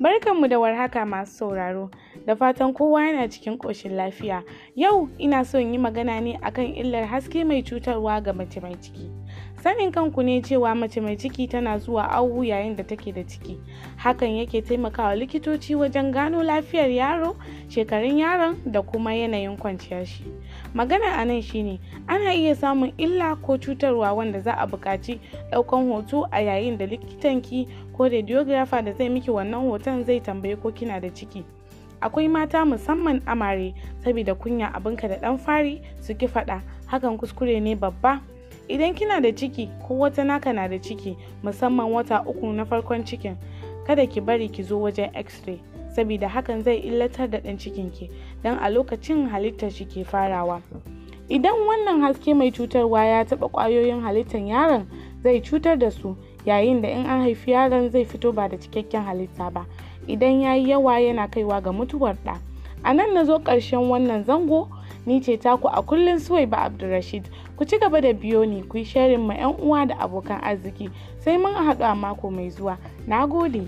Barkanmu da warhaka masu sauraro. da fatan kowa yana cikin ƙoshin lafiya yau ina son yi magana ne akan illar haske mai cutarwa ga mace mai ciki sanin kanku ne cewa mace mai ciki tana zuwa awu yayin da take da ciki hakan yake taimakawa likitoci wajen gano lafiyar yaro shekarun yaron da kuma yanayin kwanciyar shi magana a nan shine ana iya samun illa ko cutarwa wanda za a buƙaci ɗaukan hoto a yayin da likitanki ko radiographer da zai miki wannan hoton zai tambaye ko kina da ciki akwai mata musamman amare saboda kunya abinka da dan fari su ki faɗa hakan kuskure ne babba idan kina da ciki ko wata naka na da ciki musamman wata uku na farkon cikin kada ki bari ki zo wajen x-ray saboda hakan zai illatar da ɗan cikinki don a lokacin halitta shi ke farawa idan wannan haske mai cutarwa ya taɓa ƙwayoyin halittar yaron zai cutar da su yayin da in an haifi yaron zai fito ba da cikakken halitta ba idan ya yi yawa yana kaiwa ga mutuwar ɗa a nan na zo ƙarshen wannan zango ni ce taku a kullum suwai ba abdulrashid ku ci gaba da biyo ni ku yi sharin ma 'yan uwa da abokan arziki sai mun haɗu a mako mai zuwa na gode